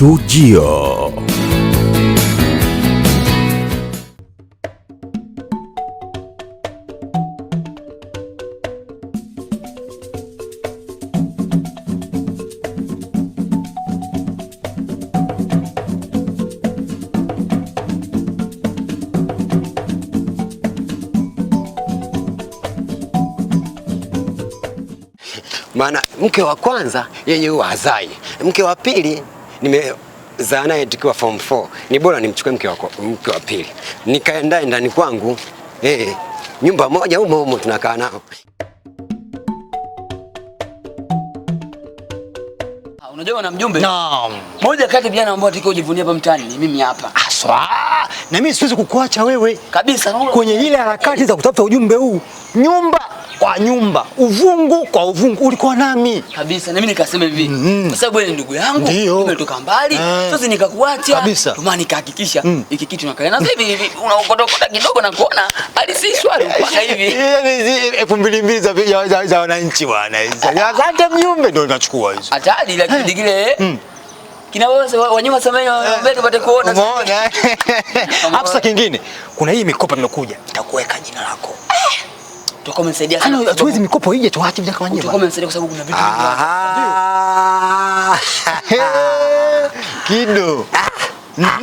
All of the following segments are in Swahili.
Chujio. Maana mke wa kwanza yenye huwa hazai, mke wa pili nimezaa naye tukiwa form 4, ni bora nimchukue mke wako mke wa pili Nikaenda ndani kwangu eh, nyumba moja humo humo tunakaa nao. Ah, unajua na mjumbe? Naam. Moja kati ya vijana ambao tukojivunia hapa mtaani ni mimi hapa. Aswa. Ah, na mimi siwezi kukuacha wewe kabisa kwenye ile harakati za kutafuta ujumbe huu. Nyumba kwa nyumba, uvungu kwa uvungu, ulikuwa nami kabisa. Na mimi nikasema hivi mm -hmm. kwa sababu wewe ndugu yangu nimetoka mbali eh. Sasa nikakuacha kabisa, ndio maana nikahakikisha mm. hiki kitu nakaa na sasa hivi, unaokotoka kidogo na kuona hali si swali kwa hivi eh, elfu mbili mbili za za wananchi bwana. hizo ah, ah. Asante mjumbe, ndio nachukua hizo hatari, lakini digile Umeona? sasa kingine kuna hii mikopo imekuja, nitakuweka jina lako eh utakuwa umenisaidia yaani sana. Hatuwezi mikopo hije tuache vile kama nyumba. Utakuwa umenisaidia kwa sababu kuna vitu Kido. Ah.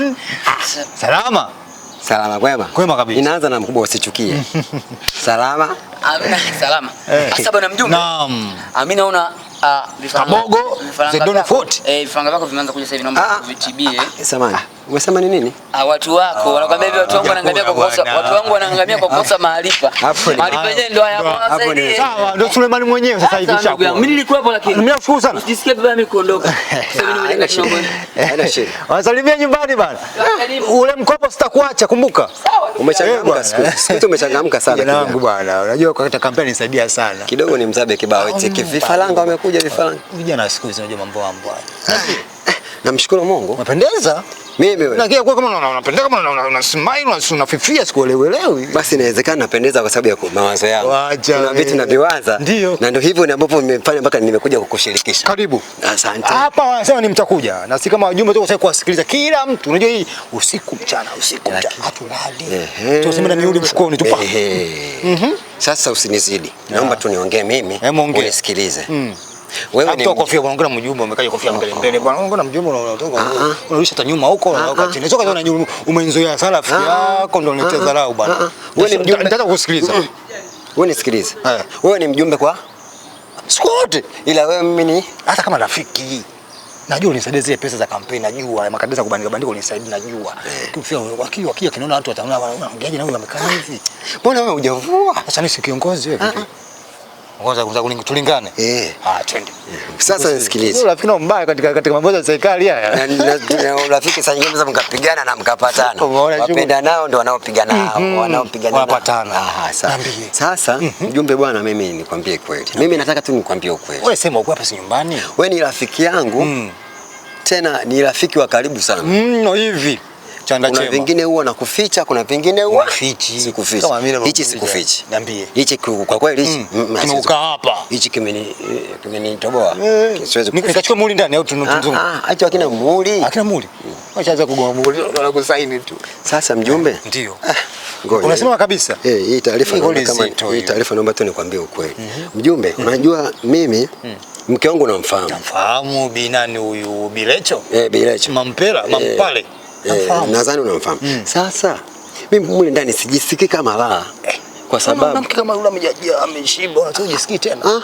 Salama. Salama kwema. Kwema kabisa. Inaanza na mkubwa usichukie. Salama. Amina ah, salama. Sasa eh. bwana mjumbe. Naam. Amina ah, una Kabogo Zedoni Fort. Eh, vifanga vyako vimeanza kuja sasa hivi naomba vitibie. Samahani. Umesema ni nini? Ah, watu wako ah, wanakuambia hivi, watu wangu wanaangamia kwa kosa, watu wangu wanaangamia kwa kosa maarifa. Maarifa yenyewe ndio haya kwanza ile. Sawa, ndio Suleiman mwenyewe sasa hivi shakuwa. Mimi nilikuwa hapo lakini. Mimi nashukuru sana. Usijisikie baba mimi kuondoka. Sasa mimi nimeenda shambani. Haina shida. Wasalimia nyumbani bana. Ule mkopo sitakuacha, kumbuka. Sawa. Umechangamka eh, siku. Siku umechangamka sana Jina langu bwana. Unajua kwa kata kampeni nisaidia sana. Kidogo ni mzabe kibao cheki. Oh, vifaranga wamekuja vifaranga. Vijana siku hizi unajua mambo ya mbwa. Eh, eh, namshukuru Mungu. Mapendeza. Basi inawezekana napendeza kwa sababu ya mawazo yangu. Kuna vitu na viwaza. Na ndio hivyo ambavyo nimefanya mpaka nimekuja kukushirikisha. Karibu. Asante. Hapa wanasema ni mtakuja. Na si kama wajumbe tu kuwasikiliza kila mtu. Unajua hii usiku mchana, usiku mchana hatulali. Tunasema na miudi mfukoni tupa. Mhm. Sasa usinizidi. Naomba ah. tu niongee mimi. Unisikilize. Mm. Wewe ni kofia bwana, ungana mjumbe umekaja kofia mbele mbele bwana, ungana mjumbe unatoka ah, ah. unarudisha hata nyuma huko na ah, wakati. Sio kama nyuma umeinzoea salafu yako ndio unileta dharau bwana. Wewe ni mjumbe, nataka kusikiliza. Mm. Wewe nisikilize. Wewe ni mjumbe kwa siku yote, ila wewe mimi ni hata kama rafiki najua unisaidia zile pesa za kampeni, najua makadesa kubandika bandika unisaidia, najua kufia eh. wakili wakili kinaona watu wataona wanaongeaje na huyu amekaa hivi. Mbona wewe hujavua? Acha ni kiongozi wewe tulingane. Eh. Ah, twende. Sasa nisikilize. Rafiki nao mbaya katika katika mambo ya serikali haya. Rafiki sasa nyingine mkapigana na mkapatana. Wapenda nao ndio wanaopigana mm-hmm. hao, wanaopigana wapatana. Ah, sasa. Sasa mm-hmm. mjumbe bwana, mimi nikwambie kweli. Mimi nataka tu nikwambie ukweli. Wewe sema uko hapa si nyumbani. Wewe ni rafiki yangu. Mm. Tena ni rafiki wa karibu sana. Mno hivi. Chanda chema. Kuna vingine huwa na kuficha, kuna vingine huwa fichi. Sikufichi. Hichi sikufichi. Niambie. Hichi kwa kweli hichi mm, mm, hapa. Hichi kimeni eh, kimenitoboa. Eh, eh. Siwezi. Nikachukua muli ndani au tunazungumza. Ah, ah, acha hakina muli. Hakina muli. Mm. Wachaanza kugoma muli. wala kusaini tu. Sasa mjumbe? Ndio. Ah, Unasema kabisa. Eh, hii taarifa kama hii taarifa naomba tu nikwambie ukweli. Mhm. Mjumbe, unajua mimi mke wangu namfahamu. Namfahamu binani huyu Bilecho? Eh, Bilecho. Mampela, Mampale. Eh, nadhani unamfahamu mm. Sasa mimi mule ndani sijisiki kama la, kwa sababu kama yule amejishiba, unajisikii tena ah?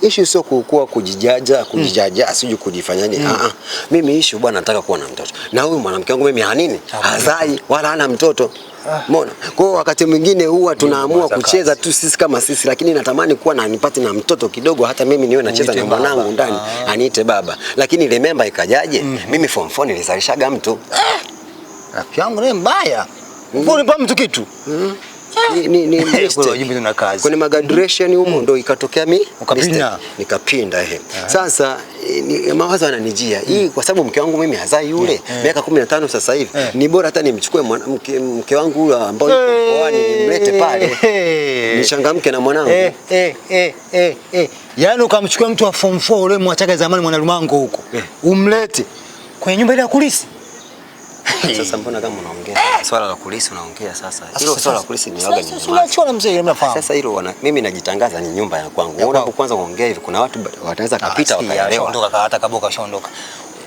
ishi sio kuwa kujijaja kujijaja, mm. asiju kujifanyaje mm. ah, ah. mimi ishi bwana, nataka kuwa na mtoto na huyu mwanamke wangu mimi hanini ah. hazai wala hana mtoto ah. Mbona? Kwa wakati mwingine huwa tunaamua kucheza tu sisi kama sisi, lakini natamani kuwa na nipate na mtoto kidogo, hata mimi niwe nacheza na mwanangu ndani aniite baba. Lakini memba ikajaje? mm -hmm. Mimi form 4 nilizalishaga mtu yangu, ni mbaya, mm. unipa mtu kitu mm -hmm. kwenye magraduation humo mm. ndo ikatokea mi nikapinda. Ehe, sasa eh, eh, mawazo ananijia hii, mm. kwa sababu mke wangu mimi hazai yule, mm. miaka 15 sasa hivi eh. ni bora hata nimchukue mke wangu yule ambao nimlete pale nichangamke na mwanangu. Yaani ukamchukua mtu wa form 4 ule mwachaka zamani, mwanalumango huko, umlete kwenye nyumba ile ya kulisi sasa mbona kama unaongea eh! swala la kulisi unaongea sasa. Hilo swala la kulisi ni waga ni. Sasa mzee mnafahamu. Sasa hilo wana mimi najitangaza ni nyumba ya kwangu. Unaona kwanza kuongea hivi kuna watu wataweza ah, kapita wakaelewa. Ondoka hata kabla ukashaondoka.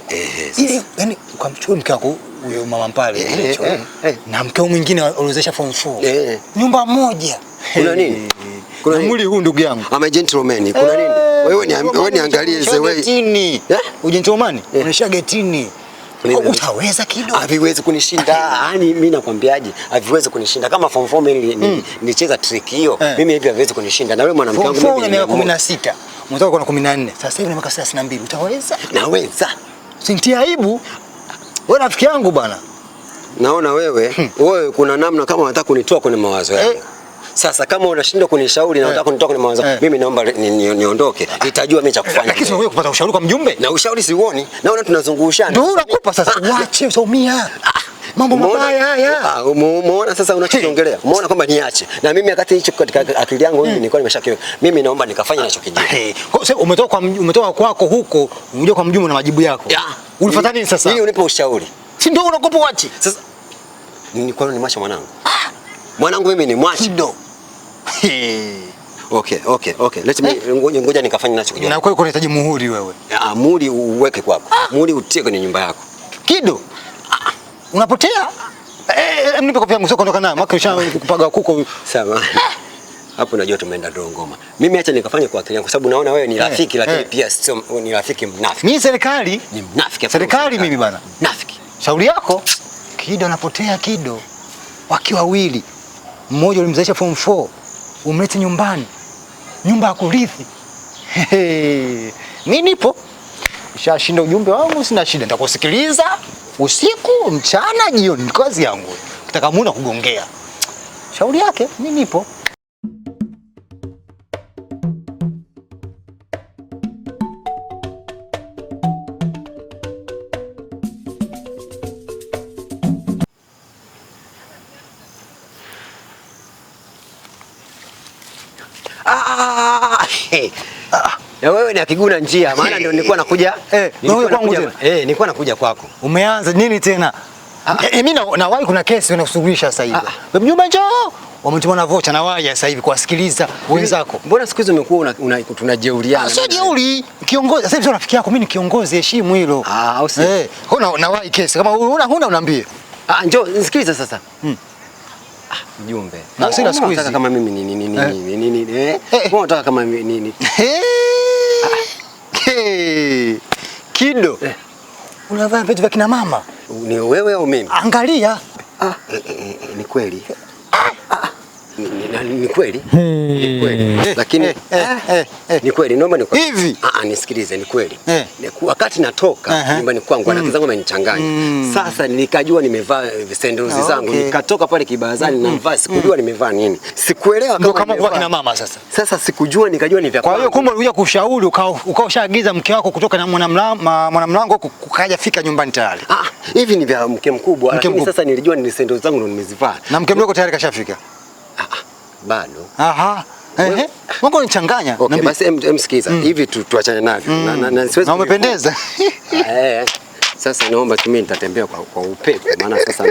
Eh, sasa yani kwa mchukue mke wako huyo mama pale ile eh, eh. na mkeo mwingine aliozesha form 4. Nyumba moja. Kuna nini? Kuna mwili huu ndugu yangu. Ama gentleman. Kuna nini? Wewe niangalie the way. Uje gentleman. Unaisha getini. Oh, utaweza kidogo. Haviwezi kunishinda. Yaani mimi nakwambiaje? Haviwezi kunishinda. Kama form 4 mimi hmm. nicheza trick hiyo, eh. mimi hivi haviwezi kunishinda. Na wewe mwanamke wangu mimi nina miaka 16. Mwanzo uko na 14. Sasa hivi nina miaka 32. Utaweza? Naweza. Sintia aibu. Wewe rafiki yangu bwana. Naona wewe, hmm. wewe kuna namna kama unataka kunitoa kwenye mawazo yako. Eh. Sasa kama unashindwa kunishauri na eh. unataka kunitoa kwenye mawazo, eh. mimi naomba niondoke. Eh. Nitajua mimi cha kufanya. Lakini sio kupata ushauri kwa mjumbe. Na ushauri siuoni. Naona tunazungushana. Ndio unakupa sasa. uache ah, ah. usaumia. Ah. Mambo mabaya haya. Umeona sasa unachokiongelea? Umeona kwamba niache. Na mimi wakati hicho katika akili yangu mimi hmm. nilikuwa nimeshakiweka. Mimi naomba nikafanye ninachokijua. Kwa sababu umetoka kwa umetoka kwako huko, unje kwa mjumbe na majibu yako. Ulifuata nini sasa? Mimi unipe ushauri. Si ndio unakopa wachi? Sasa ni kwa nini mwache mwanangu? Mwanangu mimi ni mwachi. Ndio. Okay, okay, okay. Let me eh? ngoja ngoja nikafanye nacho kidogo. Na kwa hiyo unahitaji muhuri wewe. Ah, muhuri uweke kwako. Ah! Muhuri utie kwenye nyumba yako. Kido. Ah, ah, unapotea? Eh, mnipe eh, eh, kopi yangu sio kuondoka nayo. Maka ushakupaga kuko. Sawa. Hapo najua tumeenda ndio ngoma. Mimi acha nikafanye kwa akili yangu kwa sababu naona wewe ni rafiki lakini pia sio ni rafiki mnafiki. Mimi serikali? Ni mnafiki. Serikali mimi bana. Mnafiki. Shauri yako. Kido anapotea Kido. Wakiwa wawili. Mmoja ulimzaisha form 4 umlete nyumbani, nyumba ya kurithi. Mimi nipo, ushashinda ujumbe wangu, sina shida, nitakusikiliza usiku, mchana, jioni, kazi yangu. Ukitaka muda kugongea, shauri yake, mi nipo. Eh, na wewe ni akiguna njia maana eh, ndio nilikuwa eh, nakuja eh, nilikuwa nakuja eh, nilikuwa nakuja kwako. Umeanza nini tena? Mimi ah. na nawahi, kuna kesi unasuluhisha sasa hivi. Ah. Wewe mjumbe njoo. Wametuma na vocha na waje sasa hivi kuwasikiliza wenzako. Mbona siku hizo umekuwa una, tunajeuliana? Ah, sio jeuri, kiongozi. Sasa hivi sio rafiki yako mimi ni kiongozi, heshimu hilo. Ah, au si. Eh, kuna nawahi kesi. Kama huna huna unaambie. Ah, njoo nisikilize sasa. Hmm. Mjumbe. Na sasa siku hizi kama mimi ni nini nini nini eh? Mbona eh? eh. unataka kama mimi nini? Kido. Eh. Unavaa vitu vya kina mama? Ni wewe au mimi? Angalia. Ah, ni kweli ni kweli ni kweli eh, lakini eh, eh, ni kweli naomba hivi ah, ah, nisikilize. Ni kweli wakati natoka nyumbani kwangu rafiki mm. zangu amenichanganya. Mm. Sasa nikajua nimevaa sendozi ah, zangu, nikatoka pale kibazani mm-hmm. na mvaa, sikujua mm-hmm. nimevaa nini, sikuelewa kama kama kwa kina mama. Sasa sasa sikujua, nikajua ni vya kwa hiyo. Kumbe ulikuja kushauri, ukaoshaagiza mke wako kutoka na mwanamlango, kukaja fika nyumbani tayari. Ah, hivi ni vya mke mkubwa, lakini sasa nilijua ni sendozi zangu ndo nimezivaa, na mke mdogo tayari kashafika bado. Aha. Ehe. Mungu nichanganya. Okay, basi em sikiza. Mm. Hivi tu tuachane navyo. Mm. Na siwezi. Na umependeza. Eh. Sasa naomba tu mimi nitatembea kwa, kwa upepo maana sasa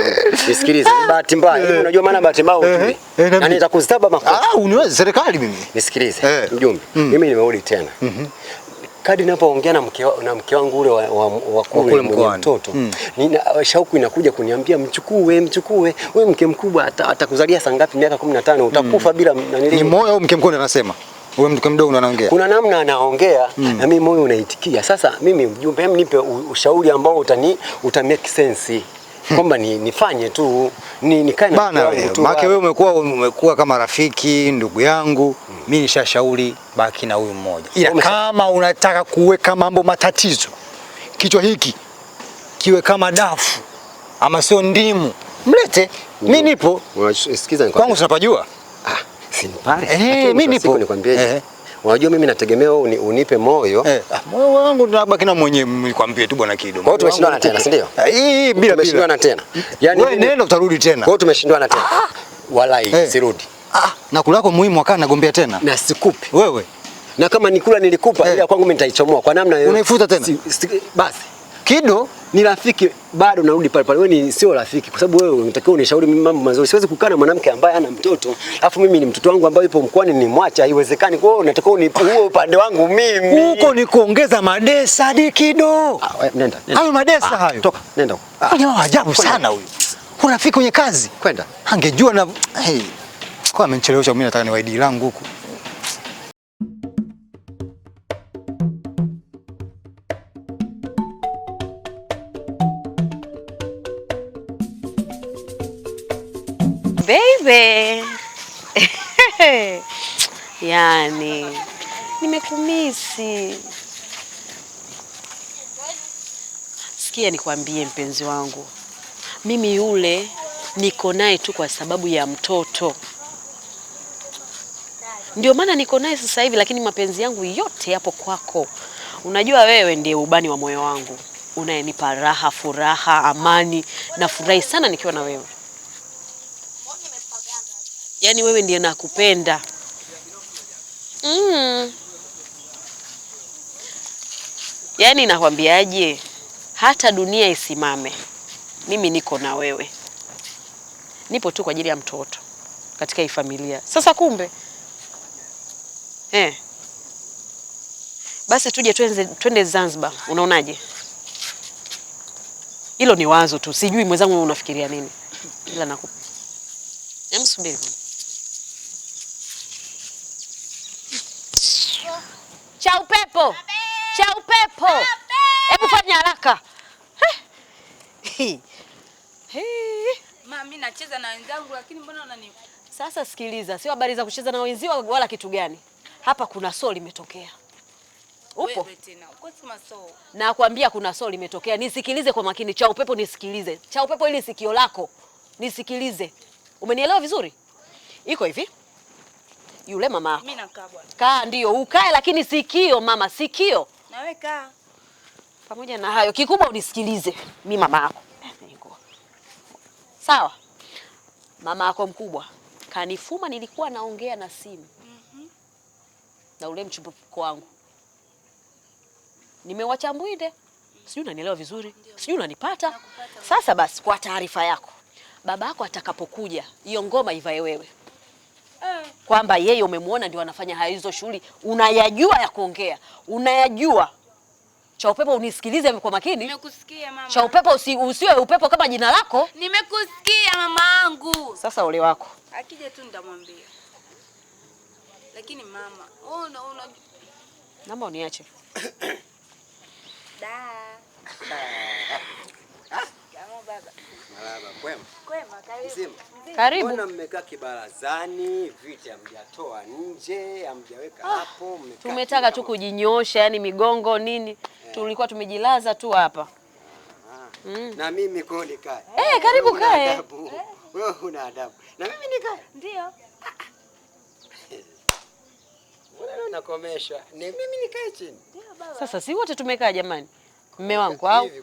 nisikilize. ni Bahati mbaya, eh. unajua maana bahati mbaya utumie. Eh, na nitakuzitaba makosa. Ah, uniwe serikali mimi. Nisikilize. Eh. Mjumbe. Mm. Mimi nimeuli tena. Mhm kadi ninapoongea na mke na mke wangu ule wa, wa, wa kule mtoto mm. nina shauku inakuja kuniambia mchukue, mchukue wewe, mke mkubwa atakuzalia saa ngapi? miaka 15 hmm. utakufa bila nanili. Ni moyo au mke mkubwa ndo anasema wewe mke mdogo ndo anaongea, kuna namna anaongea mm. na mimi moyo unaitikia. Sasa mimi mjumbe, nipe ushauri ambao utani uta make sense kwamba nifanye tu ni, nikae na bana wewe wewe umekuwa umekuwa kama rafiki ndugu yangu hmm. Mimi nishashauri baki na huyu mmoja, ila kama unataka kuweka mambo matatizo, kichwa hiki kiwe kama dafu ama sio ndimu, mlete mimi nipo. Unasikiza, kwangu tunapajua. Ah, si Eh, mimi nipo nikwambie. Eh. Unajua mimi nategemea wewe unipe moyo. Eh, ah, moyo wangu tunabaki na mwenye nikwambie tu bwana Kido. Kwa hiyo tumeshindana tena, si ndio? Eh, hii bila tumeshindana tena. Yaani wewe nenda utarudi tena. Kwa hiyo tumeshindana tena. Ah, ah. Walai eh. sirudi. Ah, na kulako muhimu akaa nagombea tena. Na sikupi. Wewe. Na kama nikula nilikupa ila kwangu mimi nitaichomoa kwa namna yoyote. Unaifuta tena. Basi. Kido ni rafiki bado, narudi pale pale, wewe ni sio rafiki, kwa sababu wewe unatakiwa unishauri mimi mambo mazuri. Siwezi kukaa na mwanamke ambaye ana mtoto, alafu mimi ni mtoto wangu ambaye yupo mkoani, ni mwacha, haiwezekani. Kwa hiyo unatakiwa unipuue upande wangu mimi. Huko ni kuongeza madesa hadi Kido. Ah, we, nenda, nenda. Hayo madesa ah, hayo. Toka, nenda huko. Ah, ni waajabu sana huyu. Unafiki kwenye kazi. Kwenda. Angejua na hey. Kwa amenichelewesha mimi nataka niwaidi langu huko. Baby. Yani nimekumisi. Sikia nikwambie, mpenzi wangu, mimi yule niko naye tu kwa sababu ya mtoto, ndio maana niko naye sasa hivi, lakini mapenzi yangu yote yapo kwako. Unajua wewe ndiye ubani wa moyo wangu, unayenipa raha, furaha, amani na furahi sana nikiwa na wewe yaani wewe ndiye nakupenda. Mm. Yaani nakwambiaje, hata dunia isimame, mimi niko na wewe, nipo tu kwa ajili ya mtoto katika hii familia. Sasa kumbe eh. Basi tuje twende, twende Zanzibar, unaonaje? Hilo ni wazo tu, sijui mwenzangu unafikiria nini, ila nakupa, emsubiri. cha upepo Amen. cha upepo hebu fanya haraka mimi nacheza na wenzangu lakini mbona unani sasa sikiliza sio habari za kucheza na wenziwa wala kitu gani hapa kuna soo limetokea upo nakwambia kuna soo limetokea nisikilize kwa makini cha upepo nisikilize cha upepo ili sikio lako nisikilize umenielewa vizuri iko hivi yule mama mimi nakaa bwana. Kaa ndio ukae, lakini sikio mama, sikio kaa. Pamoja na hayo, kikubwa unisikilize mi mama yako sawa. Mama yako mkubwa kanifuma, nilikuwa naongea na simu mm -hmm. na ule mchumbuko wangu nimewacha Mbwinde, sijui unanielewa vizuri, sijui unanipata. Sasa basi, kwa taarifa yako, baba yako atakapokuja, hiyo ngoma ivae wewe kwamba yeye umemwona ndio anafanya haya hizo shughuli, unayajua ya kuongea, unayajua cha upepo unisikilize kwa makini. Nimekusikia mama. Cha upepo usi, usiwe upepo kama jina lako. Nimekusikia mama mamaangu. Sasa ole wako. Akija tu nitamwambia. Lakini mama, una una Naomba uniache. Da. baba. Marahaba, kwema? Kwema, karibu. Karibu. Mbona mmekaa kibarazani, viti hamjatoa nje, hamjaweka ah, hapo mmekaa. Tumetaka tu kujinyosha, yani migongo nini, yeah. Tulikuwa tumejilaza tu hapa ah, mm. Na mimi kweli kae. Eh, hey, hey, karibu kae. Wewe una adabu. Na mimi nikae. Ndio. Mbona nakomesha? Ni mimi nikae chini. Ndio baba. Sasa si wote tumekaa jamani. Mme wangu au hey,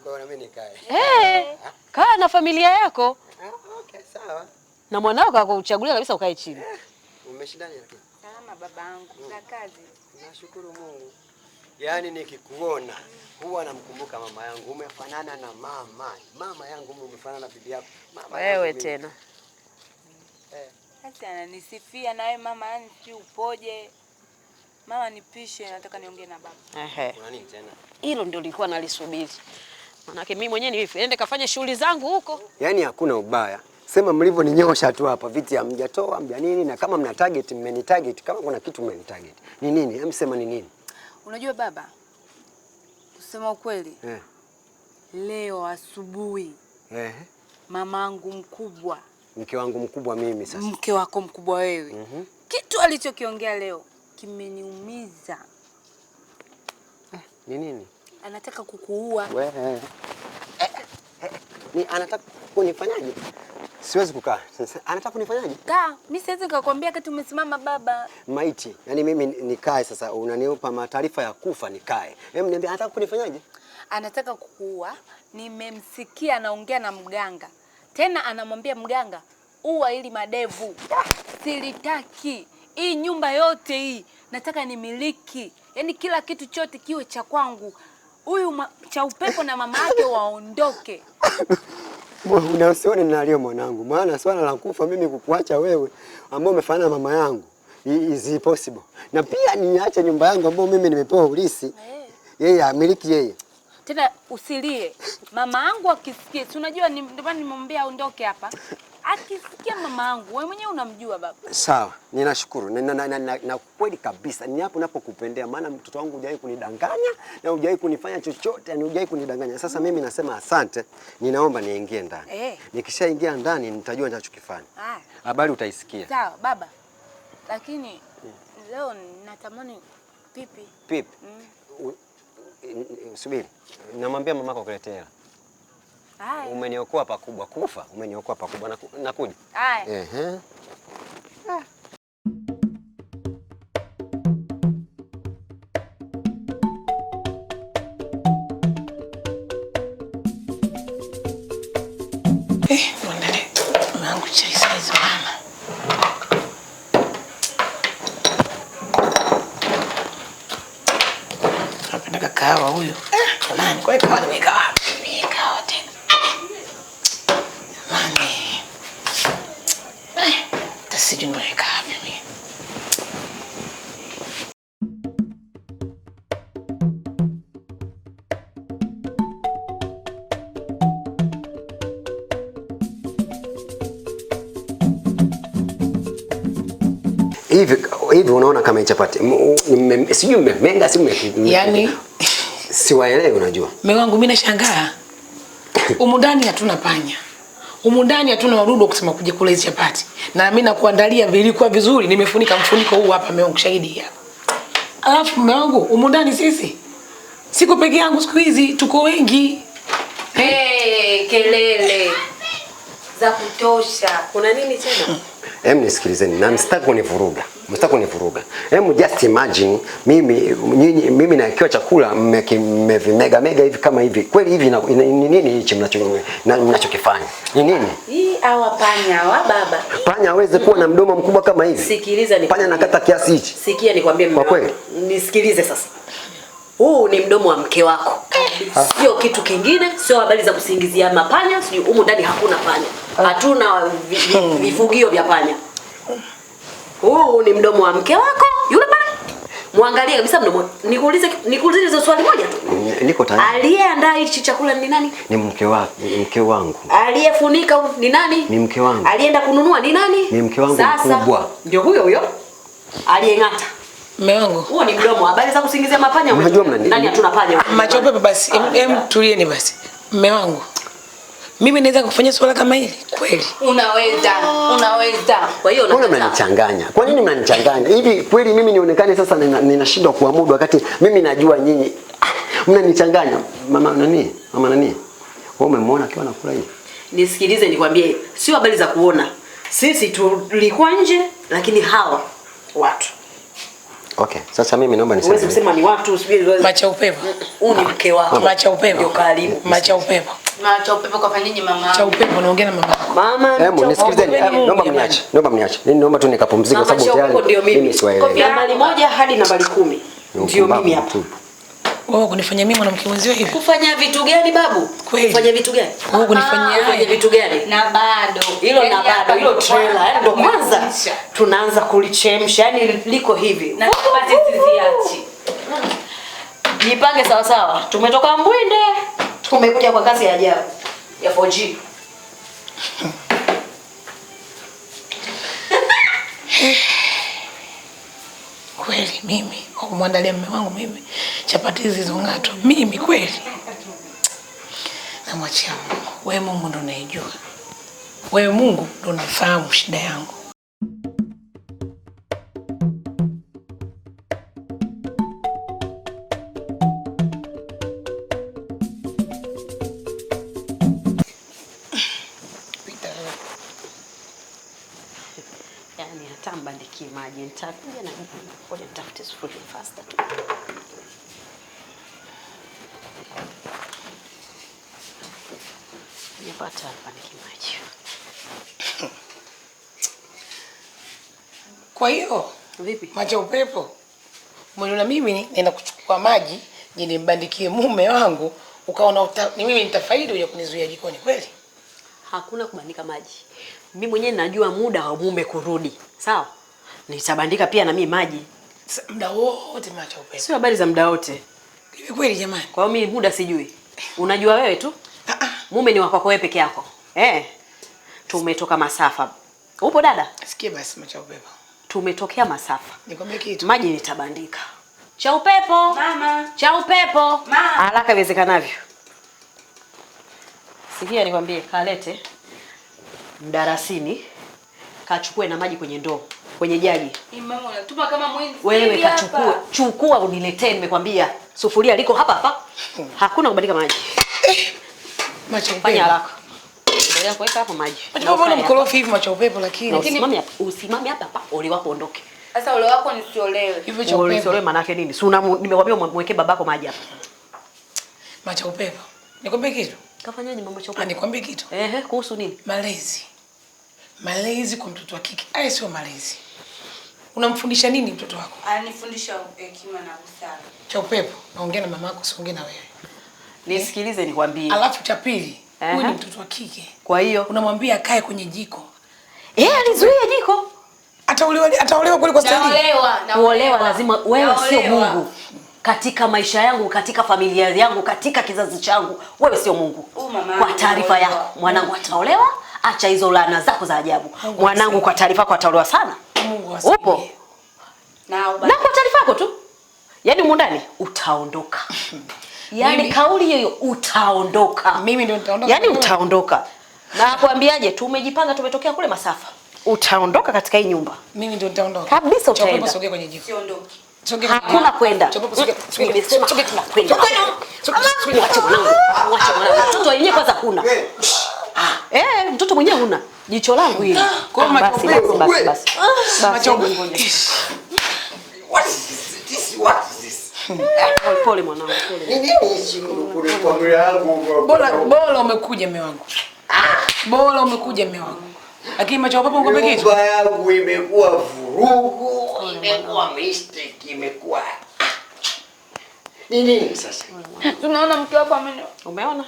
eh, kaa na familia yako ah, okay, sawa. na mwanao akakuchagulia kabisa ukae chini eh, mm. Nashukuru Mungu. Yaani nikikuona huwa namkumbuka mama yangu. Umefanana na mama. Mama yangu umefanana na bibi yako. Mama wewe tena. Eh. Hata ananisifia na wewe mama, yani si upoje? Mama nipishe, nataka niongee na baba. Ehe. Kuna nini tena? Hilo ndio lilikuwa nalisubiri, manake mimi mwenyewe hivi ende kafanye shughuli zangu huko. Yaani hakuna ubaya, sema mlivyoninyoosha tu hapa, viti hamjatoa mja nini, na kama mna target mmeni target, kama kuna kitu mmeni target ni nini? Hem, yaani sema ni nini? Unajua baba, kusema ukweli eh. Leo asubuhi eh. Mamangu mkubwa, mke wangu mkubwa mimi, sasa mke wako mkubwa wewe, mm -hmm. Kitu alichokiongea leo kimeniumiza ni nini? Anataka kukuua. Wewe. Eh eh. Eh, eh, eh, ni anataka kunifanyaje? Siwezi kukaa. Anataka kunifanyaje? Kaa. Mimi siwezi kukwambia kati umesimama baba. Maiti. Yaani mimi nikae sasa unaniupa mataarifa ya kufa nikae. Hem, niambia anataka kunifanyaje? Anataka kukuua. Nimemsikia anaongea na mganga. Tena anamwambia mganga, "Ua ili madevu." Silitaki. Hii nyumba yote hii nataka nimiliki yaani kila kitu chote kiwe cha kwangu, huyu cha upepo na mama yake waondoke. Usione nalio mwanangu, maana swala la kufa mimi kukuacha wewe ambao umefanana mama yangu is possible, na pia niache nyumba yangu ambayo mimi nimepewa ulisi eh. yeye amiliki yeye tena. Usilie mama yangu akisikia, tunajua ndio maana nimemwambia aondoke hapa akisikia mamaangu, wewe mwenyewe unamjua baba. Sawa, ninashukuru na, na, na, na, na kweli kabisa ni hapo napokupendea, maana mtoto wangu hujawahi kunidanganya na hujawahi kunifanya chochote, ni hujawahi kunidanganya. Sasa mimi nasema asante, ninaomba niingie ndani eh. Nikishaingia ndani nitajua ninachokifanya, habari utaisikia. Sawa baba, lakini yeah. Hmm. Leo natamani pipi pipi. Mm. Subiri, namwambia mamako kuletea Umeniokoa pakubwa, kufa umeniokoa pakubwa. Nakuja. Ehe. Eh, Napenda kahawa huyu. Eh, jamani, kwa hiyo kahawa hivi hivi, unaona kama hii chapati sijui mmemenga, si yaani, siwaelewi. Unajua mimi wangu mimi nashangaa, humu ndani hatuna panya, humu ndani hatuna wadudu kusema kuja kula hizi chapati, na mimi nakuandalia vilikuwa vizuri, nimefunika mfuniko huu hapa, mimi shahidi hapa. Alafu mimi wangu, humu ndani sisi siko peke yangu, siku hizi tuko wengi. Hey, kelele za kutosha. Kuna nini tena? Hmm. Hem, nisikilizeni na msitaki kunivuruga, msitaki kunivuruga. Hem, just imagine mimi nyinyi, mimi na kiwa chakula mmevimega mega hivi kama hivi kweli hivi, ni nini hichi mnachokifanya? Ni nini hii? Hawa panya wa baba, panya aweze kuwa na mdomo mkubwa kama hivi. Sikiliza, ni panya nakata kiasi hichi. Sikia nikwambie, mimi. kwa kweli nisikilize sasa huu ni mdomo wa mke wako, sio kitu kingine, sio habari za kusingizia mapanya. Sio humu ndani hakuna panya, hatuna hmm. vifugio vya panya. Huu ni mdomo wa mke wako yule pale, mwangalie kabisa mdomo. Nikuulize, nikuulize hizo swali moja tu. Niko tayari. Aliyeandaa hichi chakula ni nani? Ni mke wako, mke wangu. Aliyefunika ni nani? Ni mke wangu. Alienda kununua ni nani? Ni mke wangu mkubwa. Ndio huyo huyo aliyeng'ata Mume wangu. Huo ni mdomo. Habari za kusingizia mapanya wewe. Unajua mnani? Nani hatuna panya. Macho pepe basi. Em, tulie ni basi. Mume wangu. Mimi naweza kufanya swala kama hili kweli? Unaweza. Unaweza. Kwa hiyo unaweza. Mbona mnanichanganya? Kwa nini mnanichanganya? Hivi kweli mimi nionekane sasa ninashindwa nina kuamudu wakati mimi najua nyinyi ah, mnanichanganya. Mama nani? Mama nani? Wewe umemwona akiwa anakula hivi? Nisikilize nikwambie, sio habari za kuona. Sisi tulikuwa nje lakini hawa watu Okay, sasa mimi naomba niseme. Uweze kusema ni watu sijui macha upepo. Huu mm, mm. ni mke wako. Macha upepo ndio karibu. Macha upepo. Macha upepo kwa nini mama? Macha upepo naongea na mama. Mama, hebu nisikilizeni. Naomba mniache. Naomba mniache. Mimi naomba tu nikapumzike kwa sababu tayari mimi siwaelewi. Nambari moja hadi nambari kumi. Ndio mimi hapa. Wewe kunifanyia mimi mwanamke mwenzio hivi? Kufanya vitu gani babu? Kweli. Kufanya vitu gani? Wewe kunifanyia kufanya vitu gani? Na bado. Hilo na yaani bado. Hilo trailer yani ndo kwanza tunaanza kulichemsha. Yaani liko hivi. Na tupate tiziachi. Jipange sawa sawa. Tumetoka Mbwinde. Tumekuja kwa kazi ya ajabu ya 4G. kweli mimi kwa kumwandalia mume wangu mimi chapati hizi zong'ato mimi kweli, namwachia Mungu. Wewe Mungu ndo unaijua, wewe Mungu ndo unafahamu shida yangu. vipi? Macho upepo. Umeona mimi nenda kuchukua maji, je, mbandikie mume wangu, ukaona ni mimi nitafaidi uje kunizuia jikoni kweli? Hakuna kubandika maji. Mimi mwenyewe najua muda wa mume kurudi. Sawa? Nitabandika pia na mimi maji. Muda wote macho upepo. Sio habari za muda wote. Ni kweli jamani? Kwa mimi muda sijui. Unajua wewe tu? Ah ah. Mume ni wako wewe peke yako. Eh. Tumetoka masafa. Upo dada? Sikia basi macho upepo tumetokea masafa, maji nitabandika cha upepo mama, cha upepo haraka iwezekanavyo. Sikia nikwambie, kalete mdarasini, kachukue na maji kwenye ndoo, kwenye jagi. Wewe kachukue, chukua uniletee, nimekwambia sufuria liko hapa hapa, hmm. hakuna kubandika maji. Eh, Fanya haraka. Endelea kuweka hapo maji. kwa mbona mkorofi hivi macho upepo lakini. Usimame hapa, usimame hapa hapa ole wako ondoke. Sasa ole wako nisiolewe. Hivyo cha upepo. Ole maana yake nini? Si una nimekwambia mweke babako maji hapa. Macho upepo. Nikwambie kitu? Kafanyaje mambo cha upepo? Nikwambie kitu? Ehe, kuhusu nini? Malezi. Malezi kwa mtoto wa kike. Haya sio malezi. Unamfundisha nini mtoto wako? Ananifundisha hekima na busara. Cha upepo, naongea na mamako, siongee na wewe. Nisikilize nikwambie. Alafu cha pili, Huyu ni mtoto wa kike. Kwa hiyo unamwambia akae kwenye jiko. Eh, alizuia jiko. Ataolewa ataolewa kule kwa staili. Kuolewa lazima wewe sio Mungu. Katika maisha yangu, katika familia yangu, katika kizazi changu, wewe sio Mungu. Kwa taarifa yako, mwanangu ataolewa, acha hizo laana zako za ajabu. Mwanangu kwa taarifa yako ataolewa sana. Mungu asifiwe. Upo? Na, na kwa taarifa yako tu. Yaani, umundani utaondoka. yani kauli hiyo utaondoka, mimi ndio nitaondoka, yani utaondoka. Na kuambiaje tumejipanga, tumetokea kule Masafa, utaondoka katika hii nyumba, mimi ndio nitaondoka kabisa. Utaenda, sogea kwenye jiko, siondoki, hakuna kwenda. kwenda, mwanangu, ah. mtoto wenyewe kwanza eh. Ah, eh, mtoto mwenyewe una jicho langu hili. Ah, kwa basi basi What is this? What? Pole mwanangu, pole. Bora umekuja mume wangu, bora umekuja mume wangu, lakini macho papa uko peke Nyumba yangu imekuwa vurugu, imekuwa mistake, imekuwa nini sasa? Tunaona mke wako ameni, umeona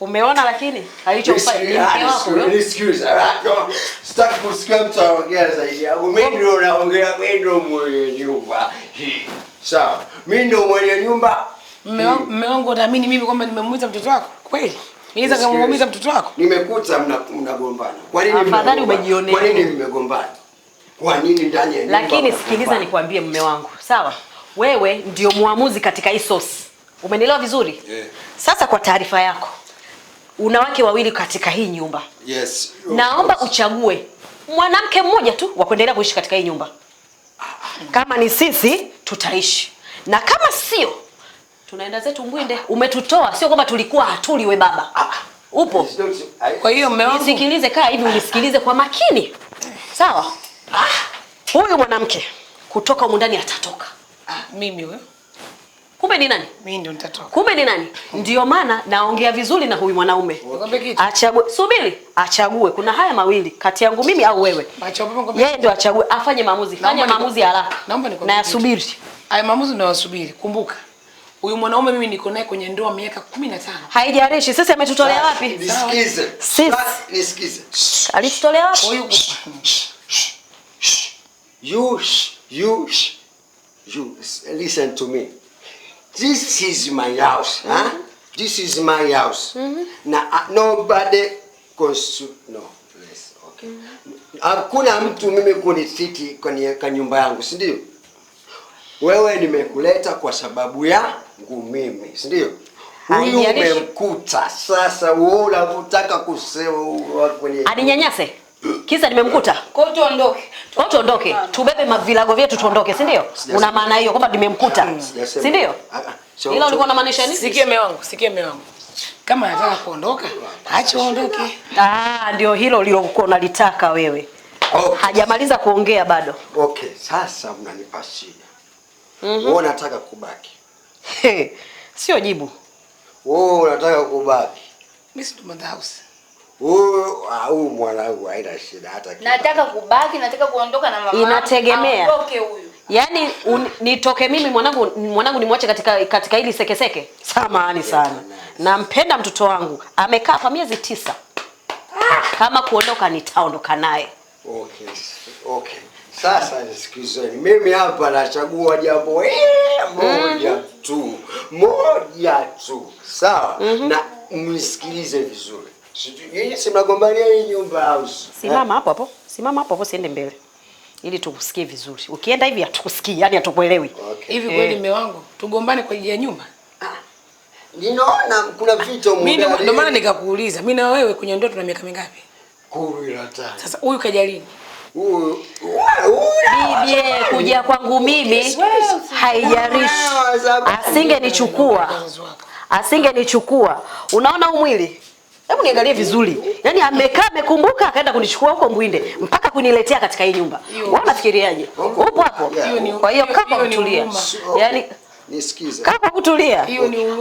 Umeona, lakini alichofanya mke wako. Sitaki kusikia mtu anaongea zaidi yangu. Mimi ndio ndio mwenye nyumba hii. Sawa, mimi ndio mwenye nyumba. Hmm. Mume wangu anaamini mimi kwamba nimemuumiza mtoto wako kweli? Niweza kumuumiza mtoto wako? Nimekuta mnagombana. Kwa nini mnagombana? Afadhali umejionea. Kwa nini mmegombana? Kwa nini ndani ya nyumba? Lakini sikiliza nikwambie mume wangu. Sawa? Wewe ndio muamuzi katika hii sosi. Umenielewa vizuri? Yeah. Sasa kwa taarifa yako. Unawake wawili katika hii nyumba. Yes. Naomba uchague mwanamke mmoja tu wa kuendelea kuishi katika hii nyumba. Ah, ah. Kama ni sisi tutaishi, na kama sio tunaenda zetu Mbwinde. Umetutoa, sio kwamba tulikuwa hatuli. We baba ah, ah. upo, kwa hiyo mume wangu nisikilize. Kaa hivi unisikilize kwa makini, sawa? Ah. Huyu mwanamke kutoka humu ndani atatoka. Mimi wewe ni nani? Mimi ndio nitatoka. Kumbe ni nani? Ndio maana naongea vizuri na huyu mwanaume. Achague. Subiri, achague. Kuna haya mawili, kati yangu mimi au wewe. Yeye ndio achague, afanye maamuzi. Fanya maamuzi haraka. Naomba nikwambie. Na yasubiri. Haya maamuzi ndio yasubiri. Kumbuka. Huyu mwanaume mimi niko naye kwenye ndoa miaka 15. Haijarishi. sisi ametutolea wapi? Nisikize. Sisi. Nisikize. Alitutolea wapi? Huyu. You you you listen to me this is my house mm -hmm. huh? this is my house mm -hmm. now uh, ah, nobody consu no yes, okay mm hakuna -hmm. mtu mimi kunifiki kwenye kanyumba yangu si ndio wewe nimekuleta kwa sababu yangu mimi si ndio huyu umemkuta sasa wewe unavyotaka kusema kwenye aninyanyase Kisa nimemkuta. Kwa hiyo tuondoke. Kwa hiyo tuondoke. Tubebe mavilago vyetu tuondoke, si ndio? Una maana hiyo kwamba nimemkuta. Mm, si ndio? Ah, ah, Ila ulikuwa unamaanisha nini? Sikie mume wangu, sikie mume wangu. Kama anataka kuondoka, acha aondoke. Ah, ndio hilo lilokuwa unalitaka wewe. Okay. Oh. Hajamaliza kuongea bado. Okay, sasa unanipa shida. Mm Wewe unataka kubaki. Sio jibu. Wewe unataka kubaki. Mimi si tumenda house huyu haina shida hata kidogo. Nataka kubaki, nataka kuondoka na mama. Inategemea. Okay, huyu. Yaani nitoke mimi mwanangu mwanangu nimwache katika katika hili sekeseke. Samahani sana. Nampenda mtoto wangu. Amekaa hapa miezi tisa. Ah! Kama kuondoka nitaondoka naye. Okay. Okay. Sasa nisikizeni, mimi hapa nachagua jambo eh, moja mhm. tu, moja tu, sawa? mm -hmm. Na mnisikilize vizuri Sijui si mnagombania hii nyumba house. Simama hapo hapo. Simama hapo hapo siende mbele. Ili tukusikie vizuri. Ukienda hivi hatukusikii, yani hatukuelewi. Okay. Hivi kweli eh. mume wangu, tugombane kwa ajili ya nyumba? Ah, ninaona kuna vitu muda. Mimi ndio maana nikakuuliza. Mimi na wewe kwenye ndoto tuna miaka mingapi? Kumi na tano. Sasa huyu kajalini. bibi kuja kwangu mimi haijarishi. Asingenichukua. Asingenichukua. Unaona umwili? Hebu niangalie vizuri. Yaani amekaa amekumbuka akaenda kunichukua huko Mbwinde mpaka kuniletea katika hii nyumba. Wewe unafikiriaje? Upo hapo. Kwa hiyo kama kutulia. Yaani nisikize. Kaa kwa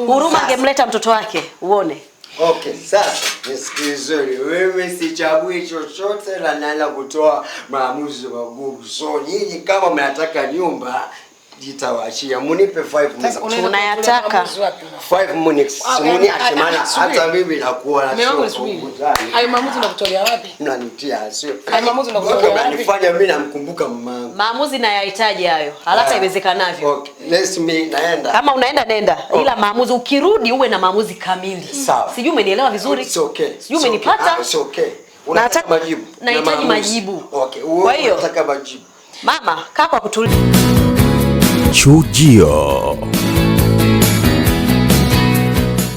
Huruma angemleta mtoto wake uone. Okay, sasa nisikilizeni, wewe sichagui chochote na naenda kutoa maamuzi magumu. So nyinyi kama mnataka nyumba Jitawashia munipe 5 minutes. Unayataka 5 minutes. Ah, Muni ashimana hata mimi nakuwa na sio. Hayo maamuzi unakutolea wapi? Unanitia sio. Hayo maamuzi unakutolea wapi? Unanifanya mimi namkumbuka mama. Maamuzi nayahitaji hayo. Halata ah, iwezekanavyo. Okay. Let me naenda. Kama unaenda nenda. Okay. Oh. Ila maamuzi ukirudi uwe na maamuzi kamili. Sawa. Sijui umenielewa vizuri. It's okay. Sijui umenipata. Ah, it's okay. Unataka majibu. Nahitaji majibu. Okay. Kwa unataka majibu. Mama, kaa kwa kutulia. 出气哦。